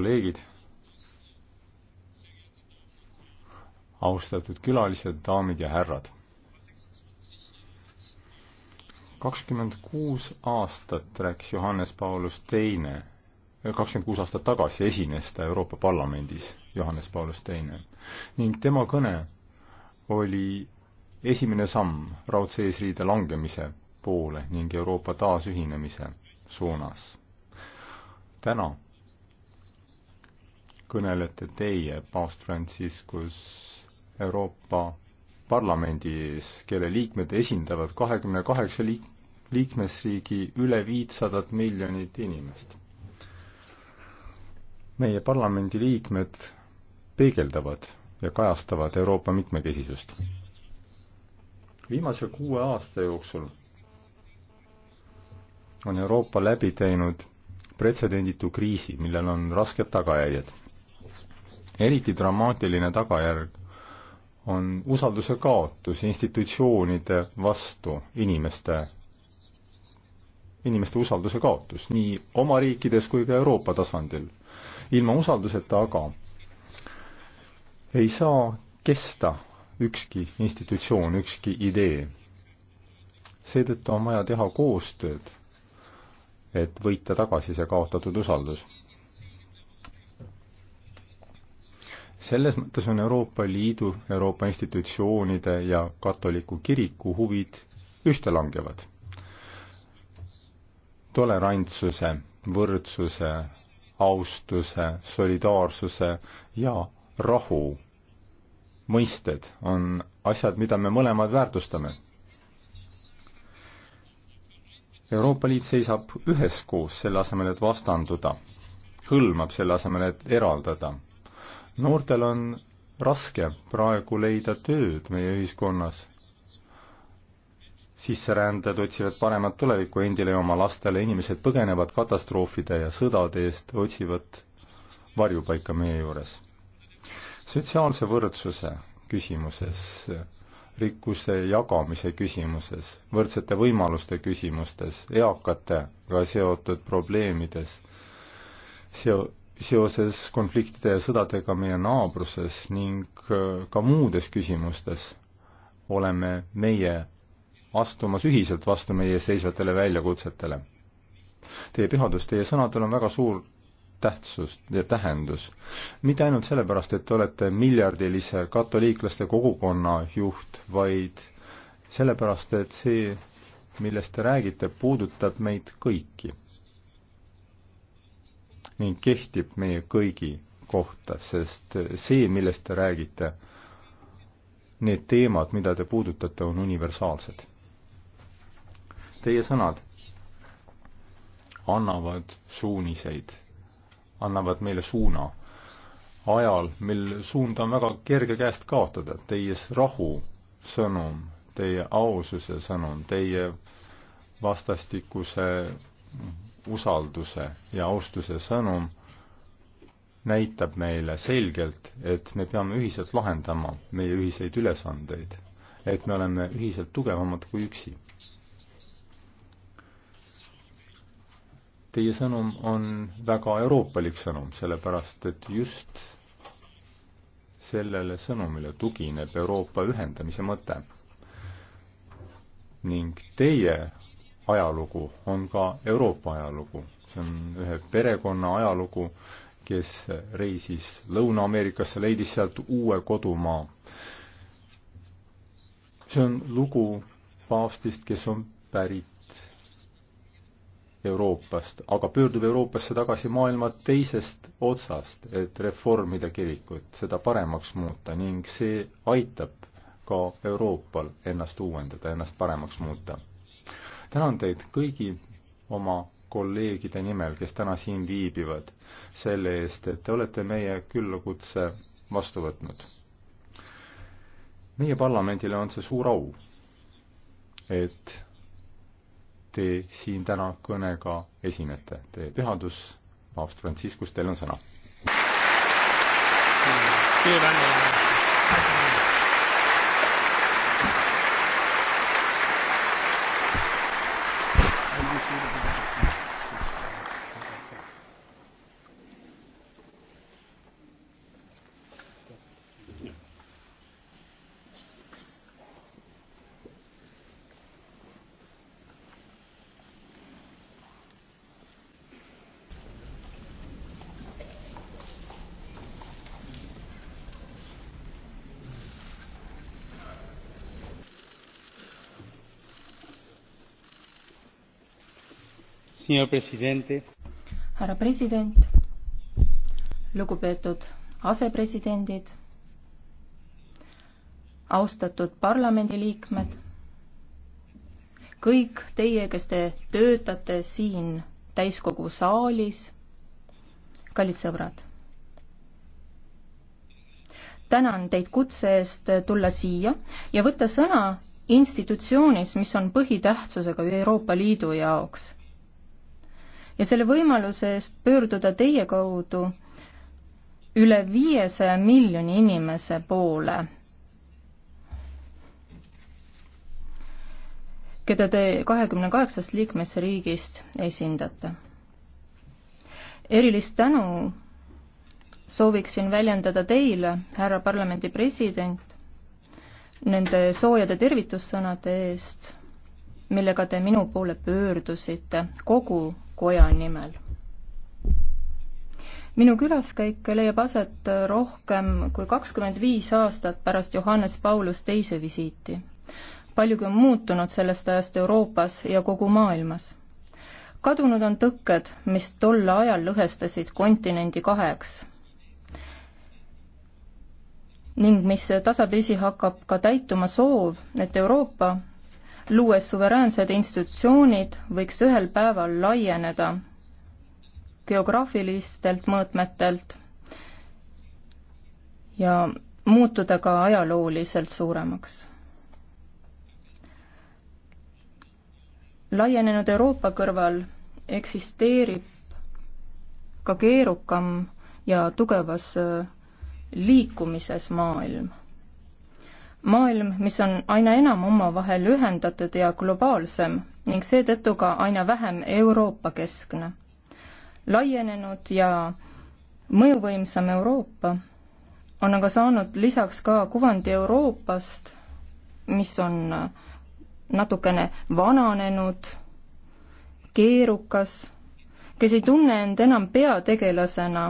kolleegid, austatud külalised, daamid ja härrad. kakskümmend kuus aastat rääkis Johannes Paulus teine, kakskümmend kuus aastat tagasi esines ta Euroopa Parlamendis, Johannes Paulus teine, ning tema kõne oli esimene samm raudse eesriide langemise poole ning Euroopa taasühinemise suunas. täna kõnelete teie paavst Franciscus Euroopa Parlamendis, kelle liikmed esindavad kahekümne kaheksa liik-, liikmesriigi üle viitsadat miljonit inimest. meie parlamendi liikmed peegeldavad ja kajastavad Euroopa mitmekesisust. viimase kuue aasta jooksul on Euroopa läbi teinud pretsedenditu kriisi, millel on rasked tagajärjed eriti dramaatiline tagajärg on usalduse kaotus institutsioonide vastu, inimeste, inimeste usalduse kaotus nii oma riikides kui ka Euroopa tasandil. ilma usalduseta aga ei saa kesta ükski institutsioon, ükski idee. seetõttu on vaja teha koostööd, et võita tagasi see kaotatud usaldus selles mõttes on Euroopa Liidu, Euroopa institutsioonide ja katoliku kiriku huvid ühte langevad. tolerantsuse, võrdsuse, austuse, solidaarsuse ja rahu mõisted on asjad, mida me mõlemad väärtustame. Euroopa Liit seisab üheskoos, selle asemel, et vastanduda, hõlmab selle asemel, et eraldada noortel on raske praegu leida tööd meie ühiskonnas. sisserändajad otsivad paremat tulevikku endile ja oma lastele, inimesed põgenevad katastroofide ja sõdade eest, otsivad varjupaika meie juures. sotsiaalse võrdsuse küsimuses, rikkuse jagamise küsimuses, võrdsete võimaluste küsimustes, eakatega seotud probleemides, seo-, seoses konfliktide ja sõdadega meie naabruses ning äh, ka muudes küsimustes oleme meie astumas ühiselt vastu meie ees seisvatele väljakutsetele. Teie pühadus, teie sõnadel on väga suur tähtsus ja tähendus. mitte ainult sellepärast, et te olete miljardilise katoliiklaste kogukonna juht, vaid sellepärast, et see, millest te räägite, puudutab meid kõiki ning kehtib meie kõigi kohta, sest see, millest te räägite, need teemad, mida te puudutate, on universaalsed. Teie sõnad annavad suuniseid, annavad meile suuna ajal, mil suunda on väga kerge käest kaotada. Teie rahu sõnum, teie aususe sõnum, teie vastastikuse usalduse ja austuse sõnum näitab meile selgelt, et me peame ühiselt lahendama meie ühiseid ülesandeid, et me oleme ühiselt tugevamad kui üksi. Teie sõnum on väga euroopalik sõnum, sellepärast et just sellele sõnumile tugineb Euroopa ühendamise mõte. ning teie ajalugu on ka Euroopa ajalugu. see on ühe perekonna ajalugu, kes reisis Lõuna-Ameerikasse, leidis sealt uue kodumaa. see on lugu paavstist, kes on pärit Euroopast, aga pöördub Euroopasse tagasi maailma teisest otsast, et reformida kirikut, seda paremaks muuta ning see aitab ka Euroopal ennast uuendada, ennast paremaks muuta tänan teid kõigi oma kolleegide nimel, kes täna siin viibivad, selle eest, et te olete meie küllakutse vastu võtnud. meie parlamendile on see suur au, et te siin täna kõnega esinete. Teie pühadus, paavst Franciscus, teil on sõna. Suur tänu. härra president, lugupeetud asepresidendid, austatud parlamendiliikmed, kõik teie, kes te töötate siin täiskogu saalis, kallid sõbrad. tänan teid kutse eest tulla siia ja võtta sõna institutsioonis, mis on põhitähtsusega Euroopa Liidu jaoks ja selle võimaluse eest pöörduda teie kaudu üle viiesaja miljoni inimese poole, keda te kahekümne kaheksast liikmesriigist esindate. erilist tänu sooviksin väljendada teile, härra parlamendi president, nende soojade tervitussõnade eest millega te minu poole pöördusite kogu koja nimel. minu külaskäik leiab aset rohkem kui kakskümmend viis aastat pärast Johannes Paulus teise visiiti. paljugi on muutunud sellest ajast Euroopas ja kogu maailmas. kadunud on tõkked, mis tol ajal lõhestasid kontinendi kaheks ning mis tasapisi hakkab ka täituma soov, et Euroopa luues suveräänsed institutsioonid, võiks ühel päeval laieneda geograafilistelt mõõtmetelt ja muutuda ka ajalooliselt suuremaks. laienenud Euroopa kõrval eksisteerib ka keerukam ja tugevas äh, liikumises maailm maailm, mis on aina enam omavahel ühendatud ja globaalsem ning seetõttu ka aina vähem Euroopa-keskne. laienenud ja mõjuvõimsam Euroopa on aga saanud lisaks ka kuvandi Euroopast, mis on natukene vananenud, keerukas, kes ei tunne end enam peategelasena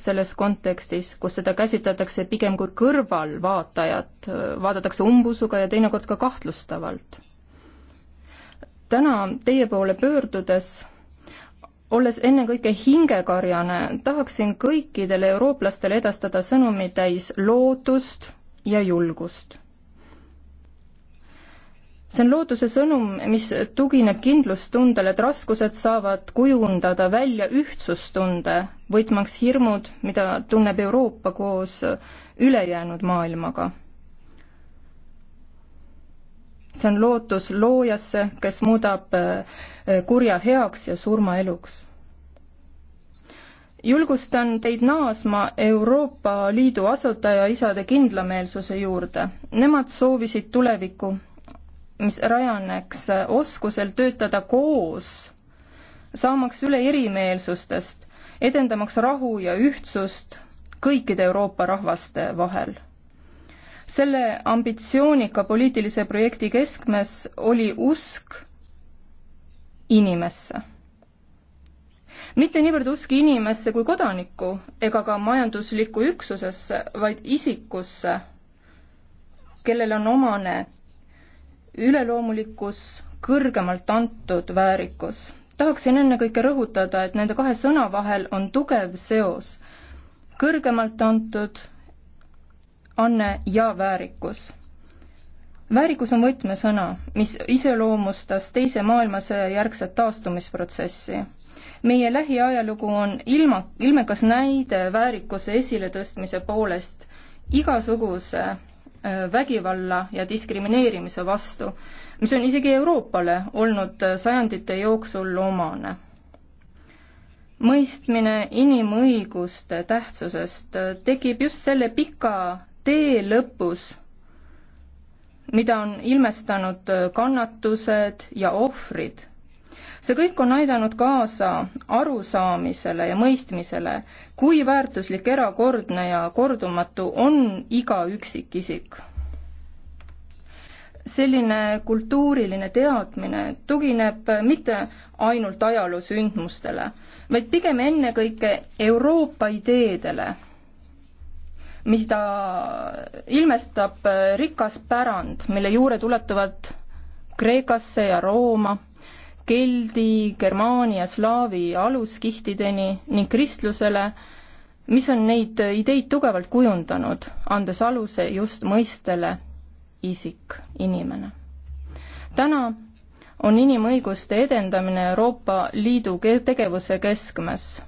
selles kontekstis, kus seda käsitletakse pigem kui kõrvalvaatajat, vaadatakse umbusuga ja teinekord ka kahtlustavalt. täna teie poole pöördudes, olles ennekõike hingekarjane, tahaksin kõikidele eurooplastele edastada sõnumi täis lootust ja julgust see on looduse sõnum, mis tugineb kindlustundele, et raskused saavad kujundada välja ühtsustunde, võitmaks hirmud, mida tunneb Euroopa koos ülejäänud maailmaga. see on lootus loojasse, kes muudab äh, kurja heaks ja surma eluks julgustan teid naasma Euroopa Liidu asutaja isade kindlameelsuse juurde. Nemad soovisid tulevikku, mis rajaneks oskusel töötada koos, saamaks üle erimeelsustest, edendamaks rahu ja ühtsust kõikide Euroopa rahvaste vahel. selle ambitsioonika poliitilise projekti keskmes oli usk inimesse mitte niivõrd usk inimesse kui kodanikku ega ka majanduslikku üksusesse, vaid isikusse, kellel on omane üleloomulikkus, kõrgemalt antud väärikus. tahaksin ennekõike rõhutada, et nende kahe sõna vahel on tugev seos. kõrgemalt antud anne ja väärikus. väärikus on võtmesõna, mis iseloomustas Teise maailmasõja järgset taastumisprotsessi. meie lähiajalugu on ilma, ilmekas näide väärikuse esiletõstmise poolest igasuguse Äh, vägivalla ja diskrimineerimise vastu, mis on isegi Euroopale olnud äh, sajandite jooksul omane. mõistmine inimõiguste tähtsusest äh, tekib just selle pika tee lõpus, mida on ilmestanud kannatused ja ohvrid see kõik on aidanud kaasa arusaamisele ja mõistmisele, kui väärtuslik, erakordne ja kordumatu on iga üksikisik. selline kultuuriline teadmine tugineb mitte ainult ajaloosündmustele, vaid pigem ennekõike Euroopa ideedele mis ta ilmestab rikas pärand, mille juured ulatuvad Kreekasse ja Rooma keldi, germaania, slaavi aluskihtideni ning kristlusele, mis on neid ideid tugevalt kujundanud, andes aluse just mõistele isik, inimene. täna on inimõiguste edendamine Euroopa Liidu tegevuse keskmes.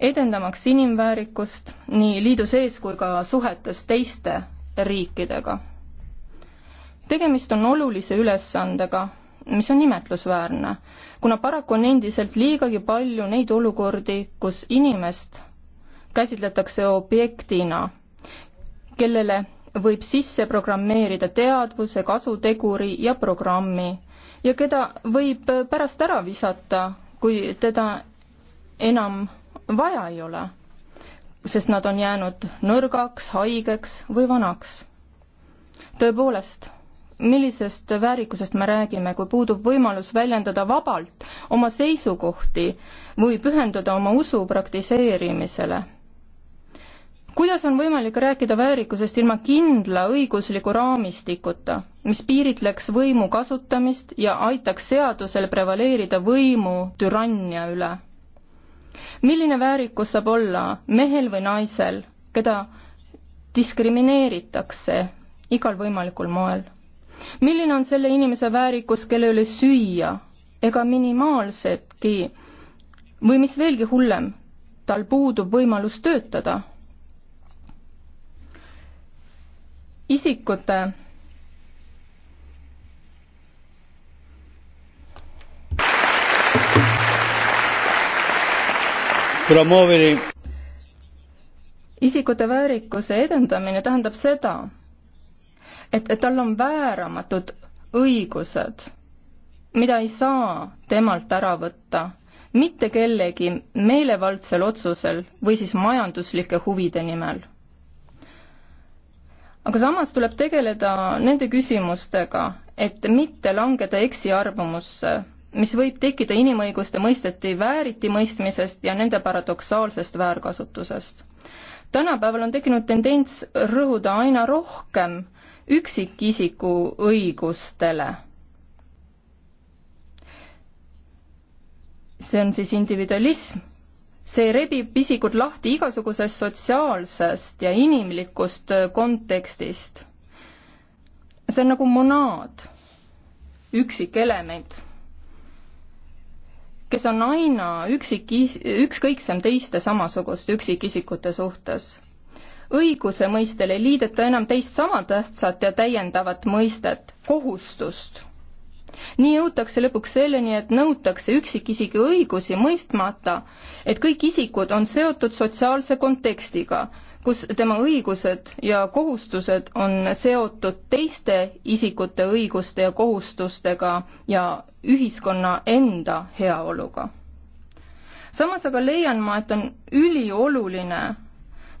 edendamaks inimväärikust nii liidu sees kui ka suhetes teiste riikidega. tegemist on olulise ülesandega, mis on imetlusväärne, kuna paraku on endiselt liigagi palju neid olukordi, kus inimest käsitletakse objektina, kellele võib sisse programmeerida teadvuse, kasuteguri ja programmi ja keda võib pärast ära visata, kui teda enam vaja ei ole, sest nad on jäänud nõrgaks, haigeks või vanaks. tõepoolest millisest väärikusest me räägime, kui puudub võimalus väljendada vabalt oma seisukohti või pühenduda oma usu praktiseerimisele? kuidas on võimalik rääkida väärikusest ilma kindla õigusliku raamistikuta, mis piiritleks võimu kasutamist ja aitaks seadusel prevaleerida võimu türannia üle? milline väärikus saab olla mehel või naisel, keda diskrimineeritakse igal võimalikul moel? milline on selle inimese väärikus, kellel ei ole süüa ega minimaalsetki või mis veelgi hullem, tal puudub võimalus töötada. isikute promuovere isikute väärikuse edendamine tähendab seda, et, et tal on vääramatud õigused, mida ei saa temalt ära võtta mitte kellegi meelevaldsel otsusel või siis majanduslike huvide nimel. aga samas tuleb tegeleda nende küsimustega, et mitte langeda eksiarvamusse, mis võib tekkida inimõiguste mõisteti vääritimõistmisest ja nende paradoksaalsest väärkasutusest. tänapäeval on tekkinud tendents rõhuda aina rohkem äh, üksikisiku õigustele. see on siis individualism. see rebib isikud lahti igasugusest sotsiaalsest ja inimlikust kontekstist. see on nagu monaad, üksikelement, kes on aina üksik, ükskõiksem teiste samasuguste üksikisikute suhtes õigusemõistele ei liideta enam teist sama tähtsat ja täiendavat mõistet, kohustust. nii jõutakse lõpuks selleni, et nõutakse üksikisiku õigusi mõistmata, et kõik isikud on seotud sotsiaalse kontekstiga, kus tema õigused ja kohustused on seotud teiste isikute õiguste ja kohustustega ja ühiskonna enda heaoluga. samas aga leian ma, et on ülioluline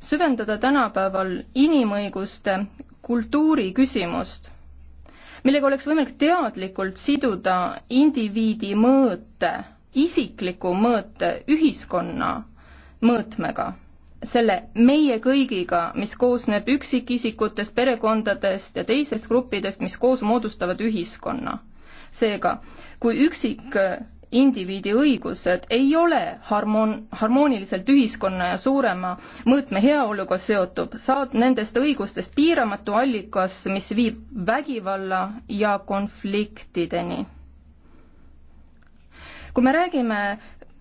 süvendada tänapäeval inimõiguste kultuuri küsimust, millega oleks võimalik teadlikult siduda indiviidi mõõte, isikliku mõõte ühiskonna mõõtmega selle meie kõigiga, mis koosneb üksikisikutest, perekondadest ja teistest gruppidest, mis koos moodustavad ühiskonna. seega, kui üksik indiviidi õigused ei ole harmoon-, harmooniliselt ühiskonna ja suurema mõõtme heaoluga seotud, saad nendest õigustest piiramatu allikas, mis viib vägivalla ja konfliktideni. kui me räägime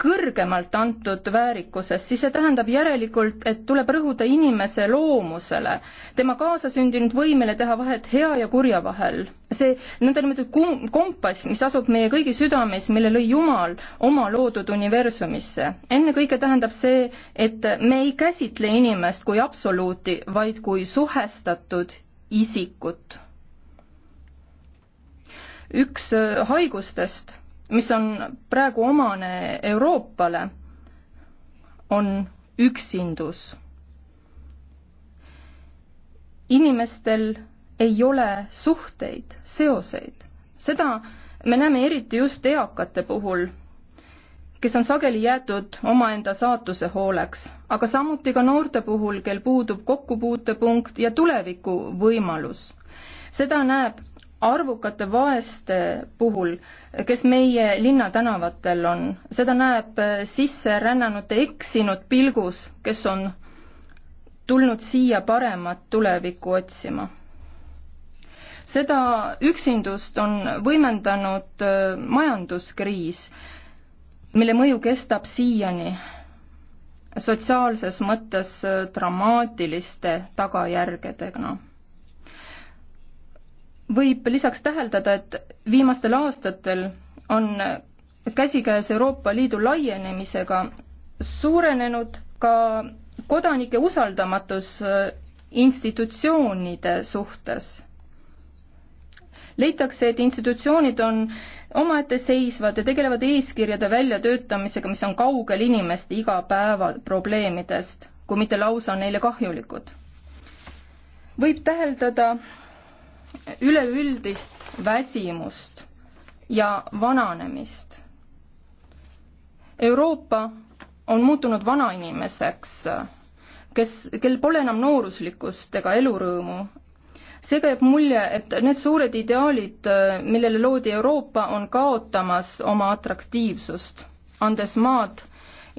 kõrgemalt antud väärikusest, siis see tähendab järelikult, et tuleb rõhuda inimese loomusele, tema kaasasündinud võimele teha vahet hea ja kurja vahel. see nõndanimetatud kompass, mis asub meie kõigi südames, mille lõi Jumal oma loodud universumisse. ennekõike tähendab see, et me ei käsitle inimest kui absoluuti, vaid kui suhestatud isikut. üks äh, haigustest mis on praegu omane Euroopale, on üksindus. inimestel ei ole suhteid, seoseid. seda me näeme eriti just eakate puhul, kes on sageli jäetud omaenda saatuse hooleks, aga samuti ka noorte puhul, kel puudub kokkupuutepunkt ja tulevikuvõimalus. seda näeb arvukate vaeste puhul, kes meie linnatänavatel on, seda näeb äh, sisserännanute eksinud pilgus, kes on tulnud siia paremat tulevikku otsima. seda üksindust on võimendanud äh, majanduskriis, mille mõju kestab siiani, sotsiaalses mõttes äh, dramaatiliste tagajärgedega võib lisaks täheldada, et viimastel aastatel on käsikäes Euroopa Liidu laienemisega suurenenud ka kodanike usaldamatus äh, institutsioonide suhtes. leitakse, et institutsioonid on omaette seisvad ja tegelevad eeskirjade väljatöötamisega, mis on kaugel inimeste igapäevaprobleemidest, kui mitte lausa neile kahjulikud. võib täheldada üleüldist väsimust ja vananemist. Euroopa on muutunud vanainimeseks, kes, kel pole enam nooruslikkust ega elurõõmu. seega jääb mulje, et need suured ideaalid, millele loodi Euroopa, on kaotamas oma atraktiivsust, andes maad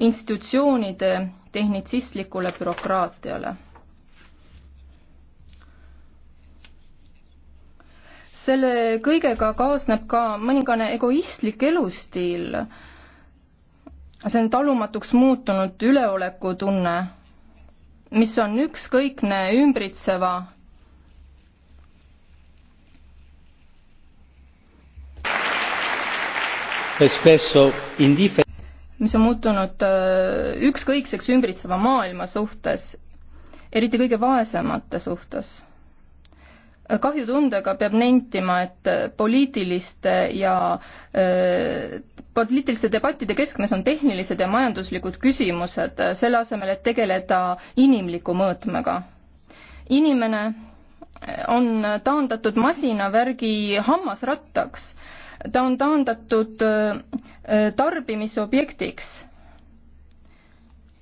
institutsioonide tehnitsistlikule bürokraatiale selle kõigega kaasneb ka mõningane egoistlik elustiil. see on talumatuks muutunud üleolekutunne, mis on ükskõikne ümbritseva mis on muutunud äh, ükskõikseks ümbritseva maailma suhtes, eriti kõige vaesemate suhtes kahjutundega peab nentima, et poliitiliste ja poliitiliste debattide keskmes on tehnilised ja majanduslikud küsimused, selle asemel, et tegeleda inimliku mõõtmega. inimene on taandatud masinavärgi hammasrattaks, ta on taandatud tarbimisobjektiks.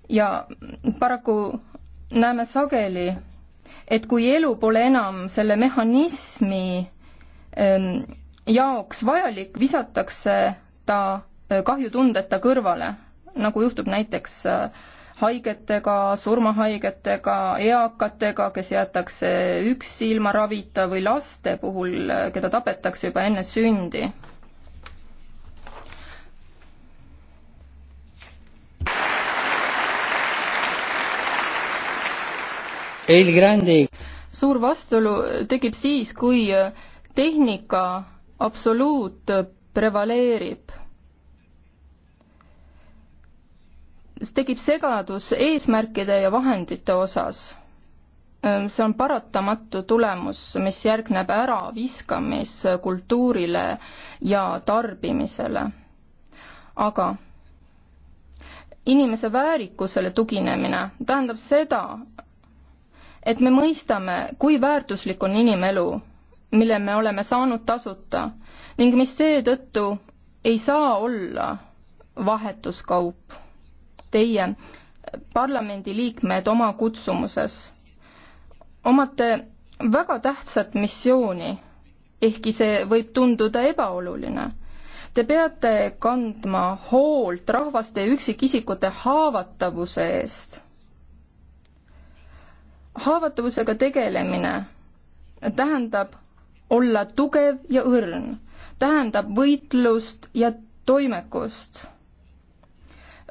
ja paraku näeme sageli, et kui elu pole enam selle mehhanismi ähm, jaoks vajalik, visatakse ta äh, kahjutundeta kõrvale, nagu juhtub näiteks äh, haigetega, surmahaigetega, eakatega, kes jäetakse üksi ilma ravita või laste puhul, äh, keda tapetakse juba enne sündi suur vastuolu tekib siis, kui äh, tehnika absoluut prevaleerib. tekib segadus eesmärkide ja vahendite osas. Ähm, see on paratamatu tulemus, mis järgneb äraviskamiskultuurile ja tarbimisele. aga inimese väärikusele tuginemine tähendab seda, et me mõistame, kui väärtuslik on inimelu, mille me oleme saanud tasuta ning mis seetõttu ei saa olla vahetuskaup. Teie, parlamendiliikmed, oma kutsumuses omate väga tähtsat missiooni, ehkki see võib tunduda ebaoluline. Te peate kandma hoolt rahvaste üksikisikute haavatavuse eest haavatavusega tegelemine tähendab olla tugev ja õrn, tähendab võitlust ja toimekust,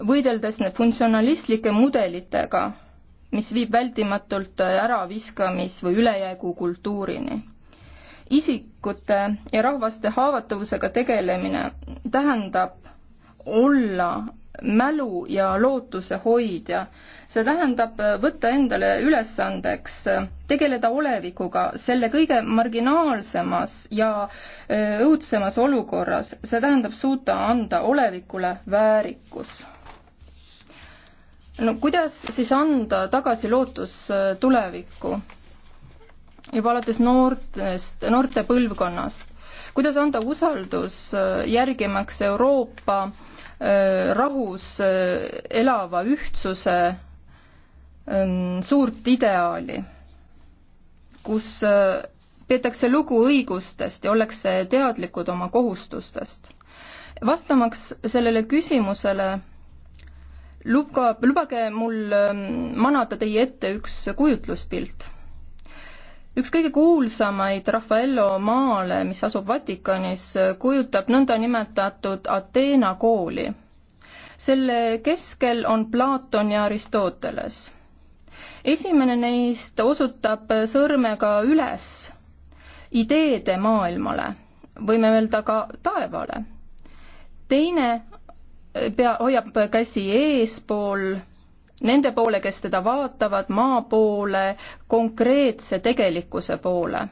võideldes funktsionalistlike mudelitega, mis viib vältimatult äraviskamis- või ülejäägukultuurini. isikute ja rahvaste haavatavusega tegelemine tähendab olla mälu ja lootuse hoidja. see tähendab võtta endale ülesandeks tegeleda olevikuga selle kõige marginaalsemas ja õudsemas olukorras, see tähendab suuta anda olevikule väärikus. no kuidas siis anda tagasi lootus tulevikku? juba alates noortest, noorte põlvkonnast. kuidas anda usaldus järgimaks Euroopa äh, Äh, rahus äh, elava ühtsuse ähm, suurt ideaali, kus äh, peetakse lugu õigustest ja ollakse teadlikud oma kohustustest. vastamaks sellele küsimusele lubka, lubage mul ähm, manada teie ette üks kujutluspilt üks kõige kuulsamaid Raffaello maale, mis asub Vatikanis, kujutab nõndanimetatud Ateena kooli. selle keskel on Platon ja Aristoteles. esimene neist osutab sõrmega üles ideede maailmale, võime öelda ka taevale. teine pea, hoiab käsi eespool nende poole, kes teda vaatavad, maa poole, konkreetse tegelikkuse poole.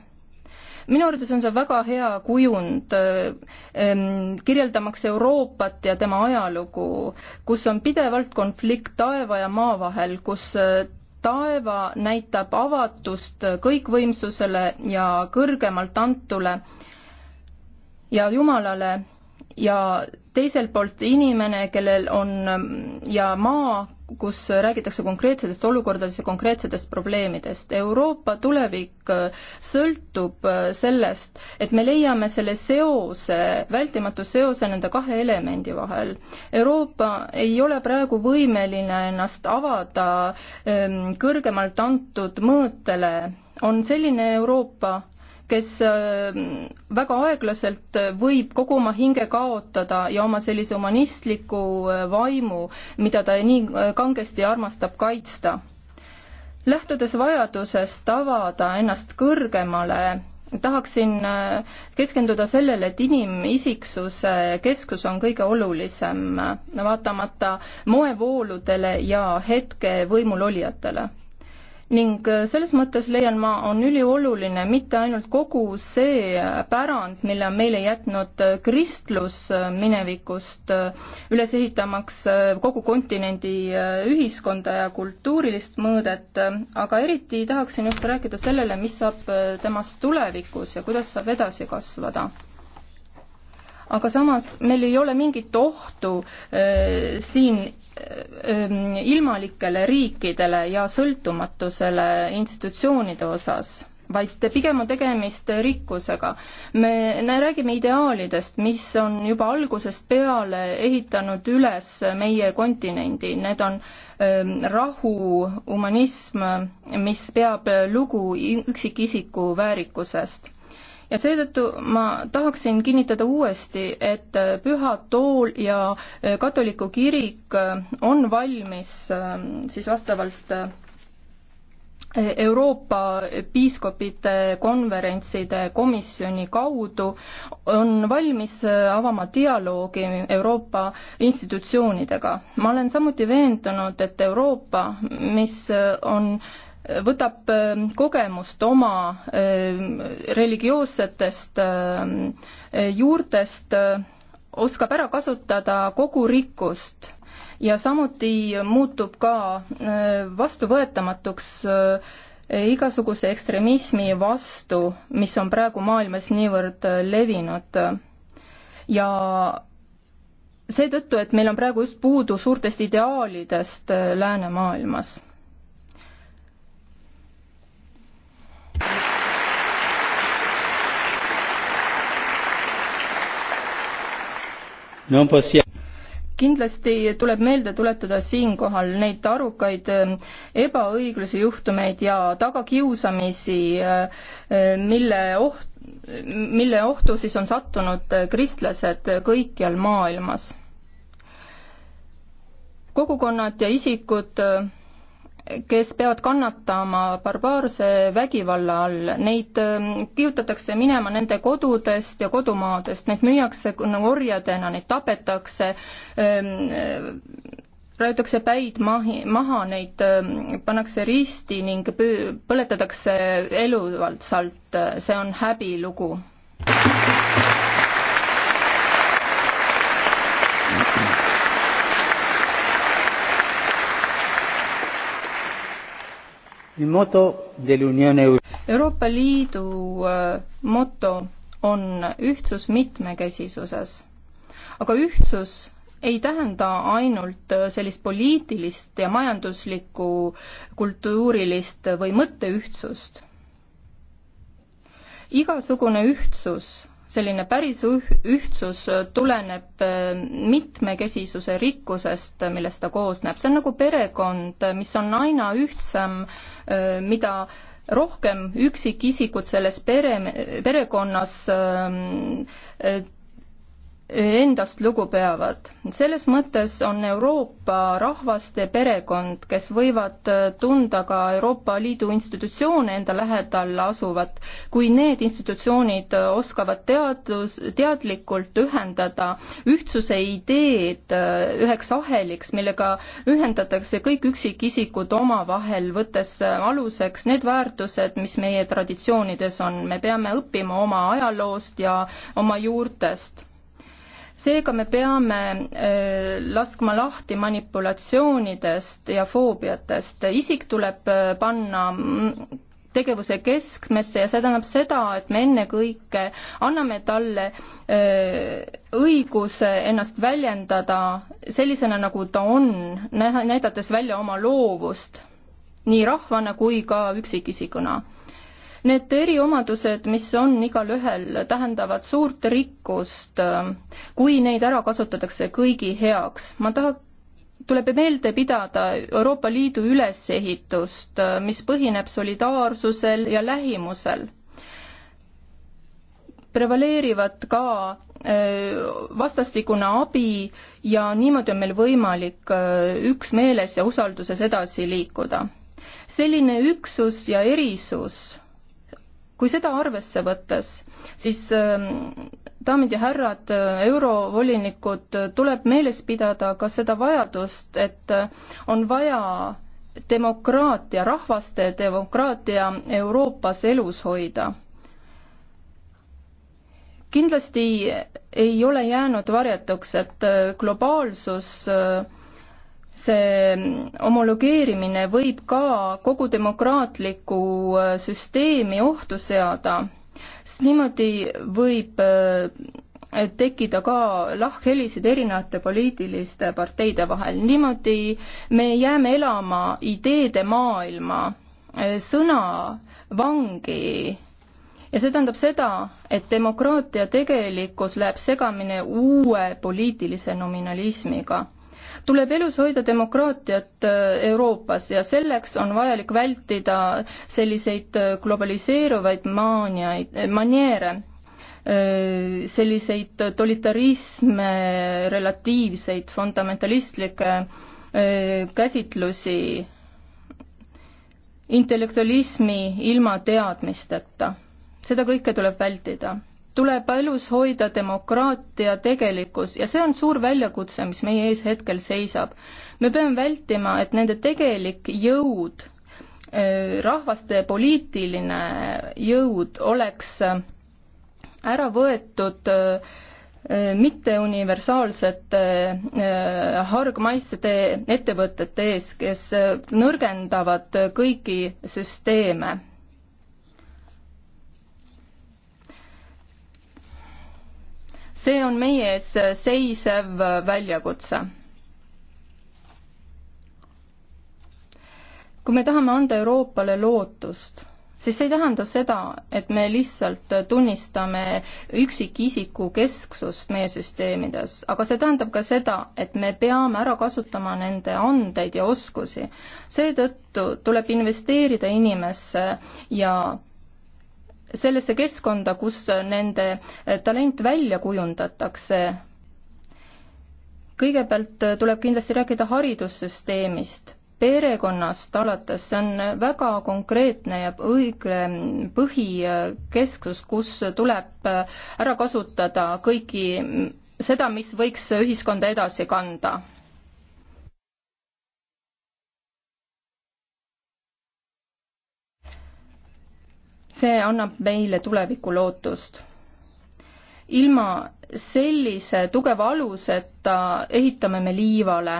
minu arvates on see väga hea kujund ehm, kirjeldamaks Euroopat ja tema ajalugu, kus on pidevalt konflikt taeva ja maa vahel, kus eh, taeva näitab avatust kõikvõimsusele ja kõrgemalt antule ja Jumalale ja teiselt poolt inimene, kellel on ähm, ja maa, kus räägitakse konkreetsetest olukordadest ja konkreetsetest probleemidest. Euroopa tulevik äh, sõltub äh, sellest, et me leiame selle seose, vältimatu seose nende kahe elemendi vahel. Euroopa ei ole praegu võimeline ennast avada ähm, kõrgemalt antud mõõtele, on selline Euroopa, kes äh, väga aeglaselt võib kogu oma hinge kaotada ja oma sellise humanistliku äh, vaimu, mida ta nii äh, kangesti armastab kaitsta. lähtudes vajadusest avada ennast kõrgemale, tahaksin keskenduda sellele, et inimisiksuse keskus on kõige olulisem, vaatamata moevooludele ja hetke võimulolijatele ning äh, selles mõttes leian ma, on ülioluline mitte ainult kogu see pärand, mille on meile jätnud äh, kristlus äh, minevikust, üles ehitamaks kogu kontinendi ühiskonda ja kultuurilist mõõdet, aga eriti tahaksin just rääkida sellele, mis saab temast tulevikus ja kuidas saab edasi kasvada aga samas meil ei ole mingit ohtu äh, siin Ähm, ilmalikele riikidele ja sõltumatusele institutsioonide osas vaid pigem on tegemist rikkusega. me räägime ideaalidest, mis on juba algusest peale ehitanud üles meie kontinendi, need on ähm, rahu, humanism, mis peab lugu üksikisiku väärikusest ja seetõttu ma tahaksin kinnitada uuesti, et äh, Püha Tool ja äh, katoliku kirik äh, on valmis siis vastavalt e-, Euroopa piiskopite konverentside komisjoni kaudu on valmis avama dialoogi Euroopa institutsioonidega. ma olen samuti veendunud, et Euroopa, mis on võtab äh, kogemust oma äh, religioossetest äh, juurtest, oskab ära kasutada kogu rikkust ja samuti muutub ka vastuvõetamatuks igasuguse ekstremismi vastu, mis on praegu maailmas niivõrd levinud. ja seetõttu, et meil on praegu just puudu suurtest ideaalidest läänemaailmas kindlasti tuleb meelde tuletada siinkohal neid arukaid ähm, ebaõigluse juhtumeid ja tagakiusamisi, äh, äh, mille oht, mille ohtu siis on sattunud äh, kristlased kõikjal maailmas. kogukonnad ja isikud kes peavad kannatama barbaarse vägivalla all, neid ähm, kihutatakse minema nende kodudest ja kodumaadest, neid müüakse nagu orjadena, neid tapetakse, ähm, raiutakse päid mahi, maha, neid ähm, pannakse risti ning põletatakse eluvalt salt, see on häbilugu Euroopa Liidu äh, moto on ühtsus mitmekesisuses. aga ühtsus ei tähenda ainult äh, sellist poliitilist ja majanduslikku, kultuurilist või mõtteühtsust. igasugune ühtsus selline päris ühtsus tuleneb äh, mitmekesisuse rikkusest, millest ta koosneb. see on nagu perekond, mis on aina ühtsem, äh, mida rohkem üksikisikud selles pere, perekonnas ähm, äh, endast lugu peavad. selles mõttes on Euroopa rahvaste perekond, kes võivad tunda ka Euroopa Liidu institutsioone enda lähedal asuvat, kui need institutsioonid oskavad teadus, teadlikult ühendada ühtsuse ideed üheks aheliks, millega ühendatakse kõik üksikisikud omavahel, võttes aluseks need väärtused, mis meie traditsioonides on. me peame õppima oma ajaloost ja oma juurtest seega me peame äh, laskma lahti manipulatsioonidest ja foobiatest, isik tuleb äh, panna mm, tegevuse keskmesse ja see tähendab seda, et me ennekõike anname talle äh, õiguse ennast väljendada sellisena, nagu ta on, näidates välja oma loovust nii rahvana kui ka üksikisikuna Need eriomadused, mis on igalühel, tähendavad suurt rikkust, äh, kui neid ära kasutatakse kõigi heaks. ma taha-, tuleb meelde pidada Euroopa Liidu ülesehitust, äh, mis põhineb solidaarsusel ja lähimusel. prevaleerivad ka äh, vastastikune abi ja niimoodi on meil võimalik üksmeeles ja usalduses edasi liikuda. selline üksus ja erisus kui seda arvesse võttes, siis ähm, daamid ja härrad, äh, eurovolinikud, äh, tuleb meeles pidada ka seda vajadust, et äh, on vaja demokraatia, rahvaste demokraatia Euroopas elus hoida kindlasti ei ole jäänud varjatuks, et globaalsus see homologeerimine võib ka kogu demokraatlikku äh, süsteemi ohtu seada. niimoodi võib äh, tekkida ka lahkhelisid erinevate poliitiliste parteide vahel. niimoodi me jääme elama ideede maailma, äh, sõna vangi ja see tähendab seda, et demokraatia tegelikkus läheb segamini uue poliitilise nominalismiga tuleb elus hoida demokraatiat äh, Euroopas ja selleks on vajalik vältida selliseid äh, globaliseeruvaid maaniaid, äh, manjeere, selliseid totalitarisme, relatiivseid fundamentalistlikke käsitlusi, intellektualismi ilma teadmisteta. seda kõike tuleb vältida tuleb elus hoida demokraatia tegelikkus ja see on suur väljakutse, mis meie ees hetkel seisab. me peame vältima, et nende tegelik jõud, äh, rahvaste poliitiline jõud oleks äh, ära võetud äh, mitte universaalsete hargmaiste ettevõtete ees, kes nõrgendavad kõiki süsteeme see on meie ees seisev väljakutse. kui me tahame anda Euroopale lootust, siis see ei tähenda seda, et me lihtsalt tunnistame üksikisiku kesksust meie süsteemides, aga see tähendab ka seda, et me peame ära kasutama nende andeid ja oskusi. seetõttu tuleb investeerida inimesse ja sellesse keskkonda, kus nende talent välja kujundatakse. kõigepealt tuleb kindlasti rääkida haridussüsteemist, perekonnast alates, see on väga konkreetne ja õige põhikeskus, kus tuleb ära kasutada kõiki seda, mis võiks ühiskonda edasi kanda see annab meile tuleviku lootust. ilma sellise tugeva aluseta ehitame me liivale,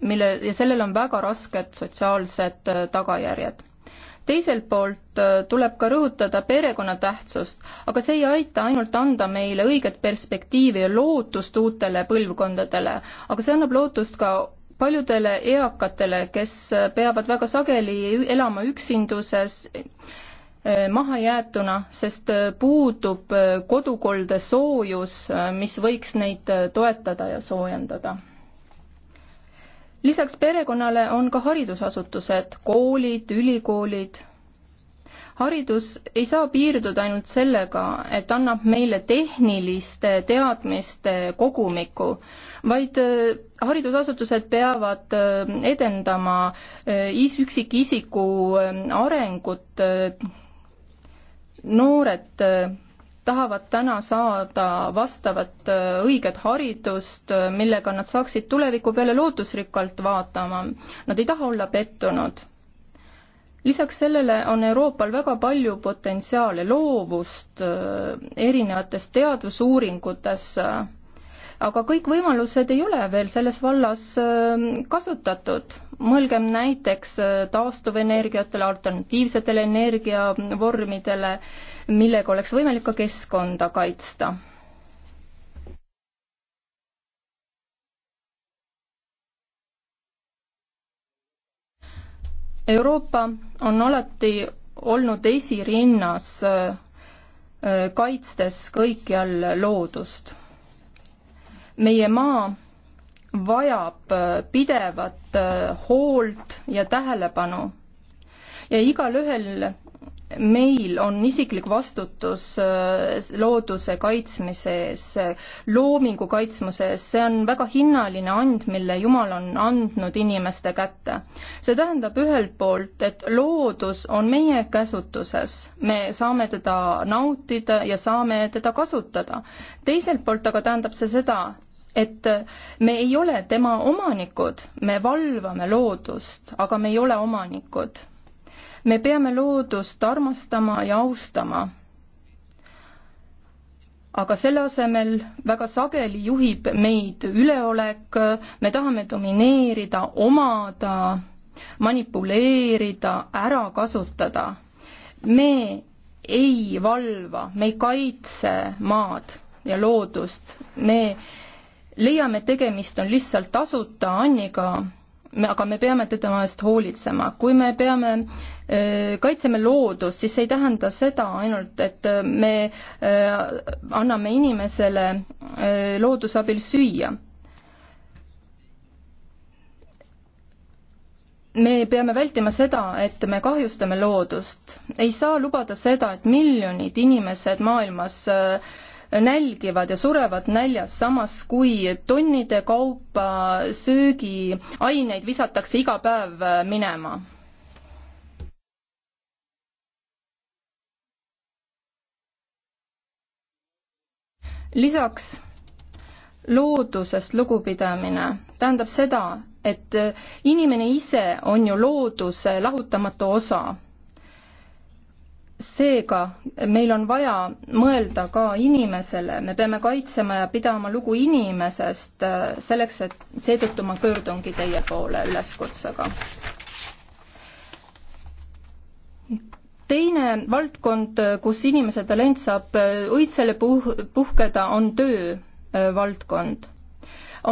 mille, ja sellel on väga rasked sotsiaalsed äh, tagajärjed. teiselt poolt äh, tuleb ka rõhutada perekonna tähtsust, aga see ei aita ainult anda meile õiget perspektiivi ja lootust uutele põlvkondadele, aga see annab lootust ka paljudele eakatele, kes äh, peavad väga sageli elama üksinduses Eh, mahajäetuna, sest eh, puudub eh, kodukolde soojus, mis võiks neid toetada ja soojendada. lisaks perekonnale on ka haridusasutused, koolid, ülikoolid. haridus ei saa piirduda ainult sellega, et annab meile tehniliste teadmiste kogumiku, vaid haridusasutused peavad edendama üksikisiku arengut noored äh, tahavad täna saada vastavat äh, õiget haridust, äh, millega nad saaksid tuleviku peale lootusrikkalt vaatama. Nad ei taha olla pettunud. lisaks sellele on Euroopal väga palju potentsiaale, loovust erinevates teadusuuringutes, aga kõik võimalused ei ole veel selles vallas kasutatud mõelgem näiteks äh, taastuvenergiatele, alternatiivsetele energiavormidele, millega oleks võimalik ka keskkonda kaitsta. Euroopa on alati olnud esirinnas, äh, kaitstes kõikjal loodust. meie maa vajab äh, pidevat äh, hoolt ja tähelepanu. ja igalühel meil on isiklik vastutus äh, looduse kaitsmise ees, loomingu kaitsmuse ees, see on väga hinnaline and, mille Jumal on andnud inimeste kätte. see tähendab ühelt poolt, et loodus on meie käsutuses, me saame teda nautida ja saame teda kasutada. teiselt poolt aga tähendab see seda, et me ei ole tema omanikud, me valvame loodust, aga me ei ole omanikud. me peame loodust armastama ja austama. aga selle asemel väga sageli juhib meid üleolek, me tahame domineerida, omada, manipuleerida, ära kasutada. me ei valva, me ei kaitse maad ja loodust, me leiame, et tegemist on lihtsalt tasuta Anniga, aga me peame tema eest hoolitsema. kui me peame, äh, kaitseme loodust, siis see ei tähenda seda ainult, et äh, me äh, anname inimesele looduse abil süüa. me peame vältima seda, et me kahjustame loodust. ei saa lubada seda, et miljonid inimesed maailmas äh, nälgivad ja surevad näljas, samas kui tonnide kaupa söögiaineid visatakse iga päev äh, minema lisaks loodusest lugupidamine tähendab seda, et äh, inimene ise on ju looduse lahutamatu osa seega meil on vaja mõelda ka inimesele, me peame kaitsema ja pidama lugu inimesest, äh, selleks et seetõttu ma pöördungi teie poole üleskutsega. teine valdkond, kus inimese talent saab õitsele puh-, puhkeda, on töö äh, valdkond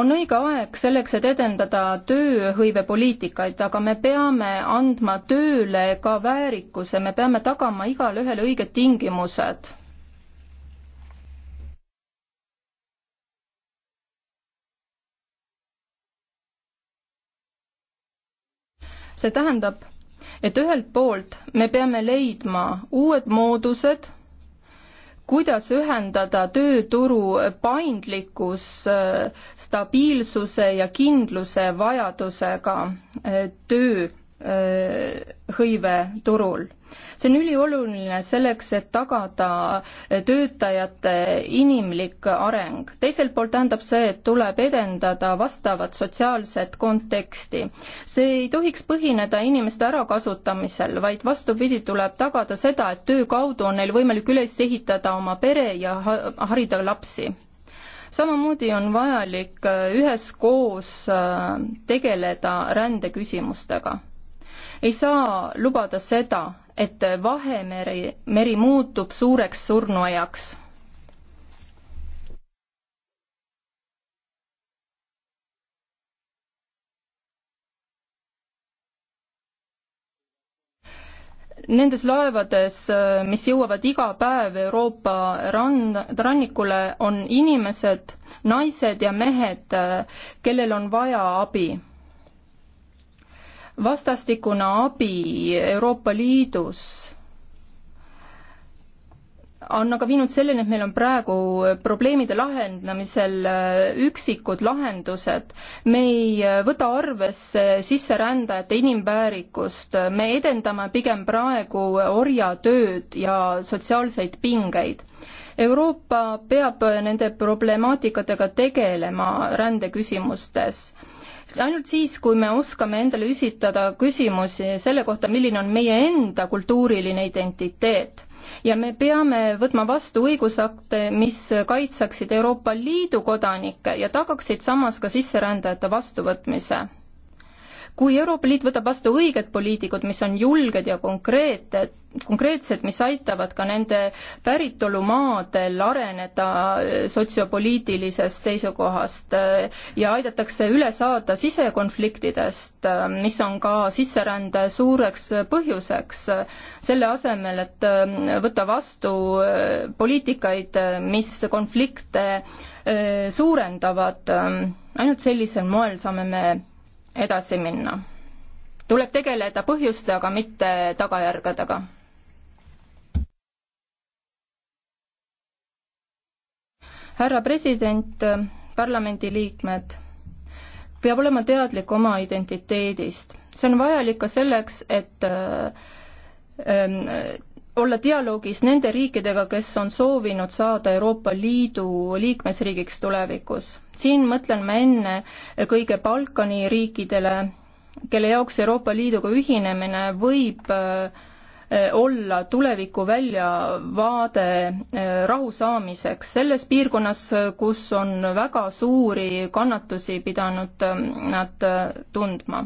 on õige aeg selleks, et edendada tööhõivepoliitikaid, aga me peame andma tööle ka väärikuse, me peame tagama igale ühele õiged tingimused. see tähendab, et ühelt poolt me peame leidma uued moodused kuidas ühendada tööturu paindlikkus stabiilsuse ja kindluse vajadusega äh, töö Äh, hõiveturul. see on ülioluline selleks, et tagada äh, töötajate inimlik areng. teiselt poolt tähendab see, et tuleb edendada vastavat sotsiaalset konteksti. see ei tohiks põhineda inimeste ärakasutamisel, vaid vastupidi, tuleb tagada seda, et töö kaudu on neil võimalik üles ehitada oma pere ja harida lapsi samamoodi on vajalik äh, üheskoos tegeleda rändeküsimustega ei saa lubada seda, et Vahemeri, meri muutub suureks surnuaiaks nendes laevades, mis jõuavad iga päev Euroopa rann, rannikule, on inimesed, naised ja mehed, kellel on vaja abi vastastikune abi Euroopa Liidus on aga viinud selleni, et meil on praegu probleemide lahendamisel äh, üksikud lahendused. me ei äh, võta arvesse sisserändajate inimväärikust, me edendame pigem praegu orjatööd ja sotsiaalseid pingeid. Euroopa peab nende problemaatikatega tegelema rändeküsimustes ainult siis, kui me oskame endale esitada küsimusi selle kohta, milline on meie enda kultuuriline identiteet ja me peame võtma vastu õigusakte, mis kaitseksid Euroopa Liidu kodanikke ja tagaksid samas ka sisserändajate vastuvõtmise kui Euroopa Liit võtab vastu õiged poliitikud, mis on julged ja konkreetsed, konkreetsed, mis aitavad ka nende päritolumaadel areneda äh, sotsiopoliitilisest seisukohast äh, ja aidatakse üle saada sisekonfliktidest, äh, mis on ka sisserände suureks põhjuseks, selle asemel, et võtta vastu poliitikaid, mis konflikte suurendavad, ainult sellisel moel saame me edasi minna. tuleb tegeleda põhjustega, mitte tagajärgedega. härra president, parlamendiliikmed, peab olema teadlik oma identiteedist. see on vajalik ka selleks, et äh, äh, olla dialoogis nende riikidega, kes on soovinud saada Euroopa Liidu liikmesriigiks tulevikus. siin mõtlen ma ennekõike Balkani riikidele, kelle jaoks Euroopa Liiduga ühinemine võib eh, olla tuleviku väljavaade eh, rahu saamiseks selles piirkonnas, kus on väga suuri kannatusi pidanud eh, nad tundma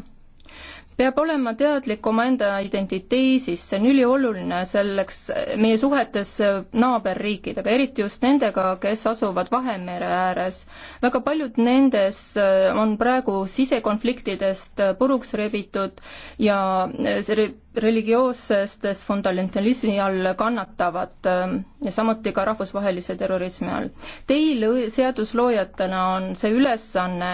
peab olema teadlik omaenda identiteedist, see on ülioluline selleks meie suhetes naaberriikidega, eriti just nendega, kes asuvad Vahemere ääres. väga paljud nendes äh, on praegu sisekonfliktidest puruks rebitud ja see religioossestes fundamentalismi all kannatavad ähm, ja samuti ka rahvusvahelise terrorismi all. Teil seadusloojatena on see ülesanne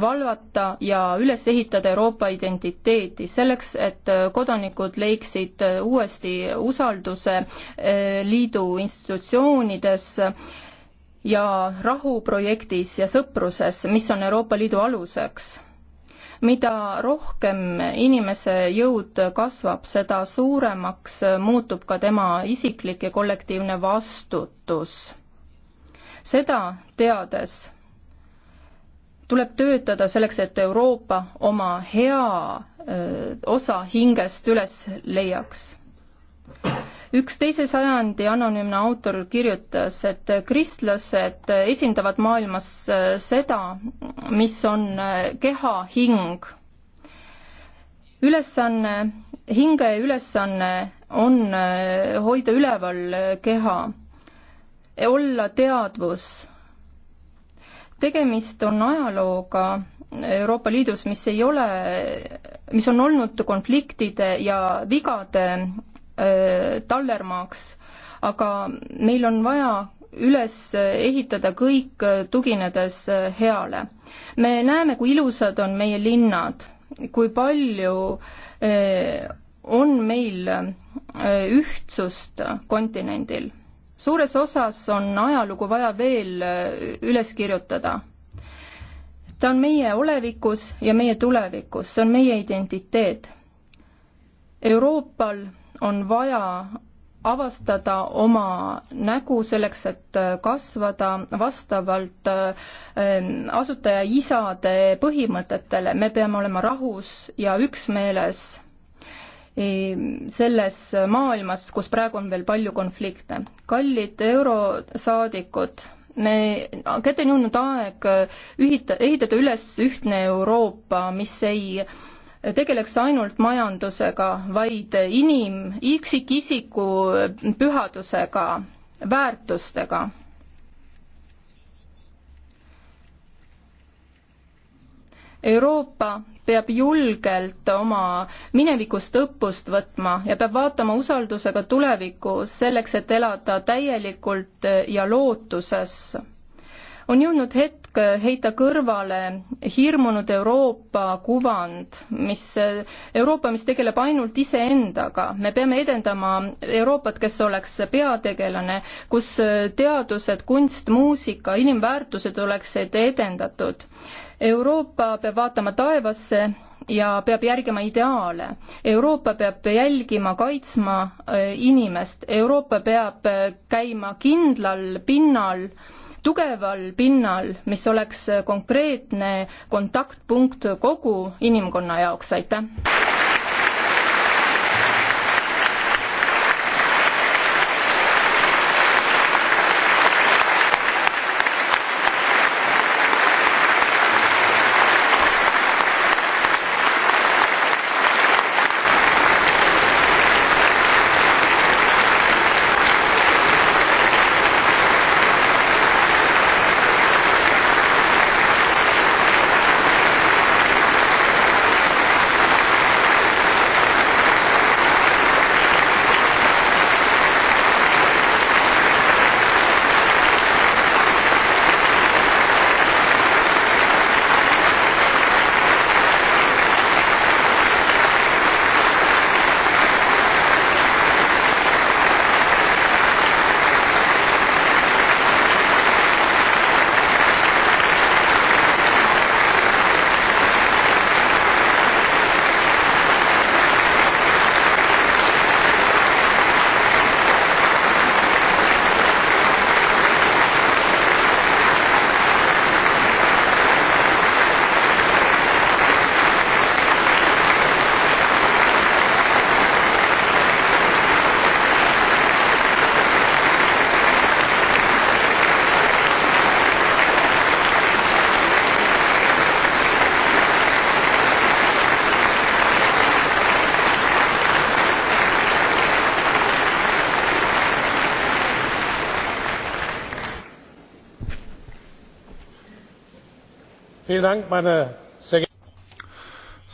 valvata ja üles ehitada Euroopa identiteeti selleks, et äh, kodanikud leiksid äh, uuesti usalduse äh, liidu institutsioonides ja rahuprojektis ja sõpruses, mis on Euroopa Liidu aluseks mida rohkem inimese jõud kasvab, seda suuremaks muutub ka tema isiklik ja kollektiivne vastutus. seda teades tuleb töötada selleks, et Euroopa oma hea öö, osa hingest üles leiaks üks teise sajandi anonüümne autor kirjutas, et kristlased esindavad maailmas äh, seda, mis on äh, keha hing. ülesanne, hinge ülesanne on äh, hoida üleval keha, olla teadvus. tegemist on ajalooga Euroopa Liidus, mis ei ole, mis on olnud konfliktide ja vigade Äh, tallermaaks, aga meil on vaja üles ehitada kõik, äh, tuginedes äh, heale. me näeme, kui ilusad on meie linnad, kui palju on meil ühtsust kontinendil. suures osas on ajalugu vaja veel üles kirjutada. ta on meie olevikus ja meie tulevikus, see on meie identiteet. Euroopal on vaja avastada oma nägu selleks, et kasvada vastavalt ähm, asutajaisade põhimõtetele, me peame olema rahus ja üksmeeles ehm, selles maailmas, kus praegu on veel palju konflikte. kallid eurosaadikud, me, kätte on jõudnud aeg ühita-, ehitada üles ühtne Euroopa, mis ei äh, tegeleks ainult majandusega, vaid inim, üksikisiku pühadusega, väärtustega. Euroopa peab julgelt oma minevikust õppust võtma ja peab vaatama usaldusega tulevikku selleks, et elada täielikult ja lootuses. on jõudnud hetk, risk heita kõrvale hirmunud Euroopa kuvand, mis, Euroopa, mis tegeleb ainult iseendaga. me peame edendama Euroopat, kes oleks peategelane, kus teadused, kunst, muusika, inimväärtused oleksid edendatud. Euroopa peab vaatama taevasse ja peab järgima ideaale. Euroopa peab jälgima, kaitsma äh, inimest, Euroopa peab äh, käima kindlal pinnal tugeval pinnal, mis oleks konkreetne kontaktpunkt kogu inimkonna jaoks, aitäh!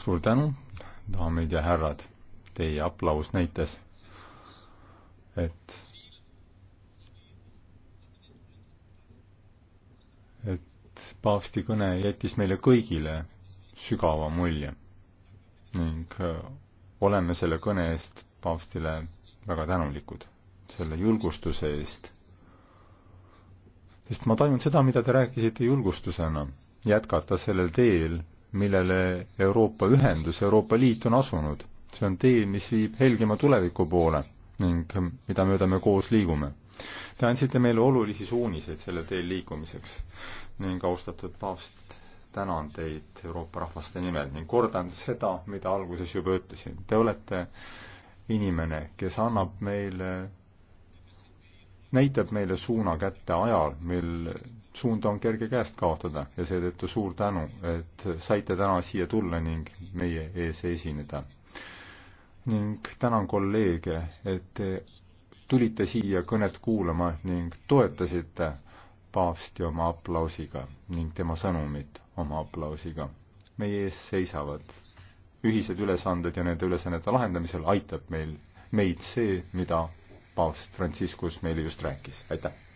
suur tänu, daamid ja härrad. Teie aplaus näitas, et, et paavsti kõne jättis meile kõigile sügava mulje ning äh, oleme selle kõne eest paavstile väga tänulikud, selle julgustuse eest sest ma tajun seda, mida te rääkisite julgustusena jätkata sellel teel, millele Euroopa ühendus, Euroopa Liit on asunud. see on tee, mis viib helgema tuleviku poole ning mida mööda me koos liigume. Te andsite meile olulisi suuniseid sellel teel liikumiseks ning austatud paavst, tänan teid Euroopa rahvaste nimel ning kordan seda, mida alguses juba ütlesin. Te olete inimene, kes annab meile, näitab meile suuna kätte ajal, mil suund on kerge käest kaotada ja seetõttu suur tänu, et saite täna siia tulla ning meie ees esineda. ning tänan kolleege, et te tulite siia kõnet kuulama ning toetasite paavsti oma aplausiga ning tema sõnumit oma aplausiga. meie ees seisavad ühised ülesanded ja nende ülesannete lahendamisel aitab meil, meid see, mida paavst Franciscus meile just rääkis, aitäh!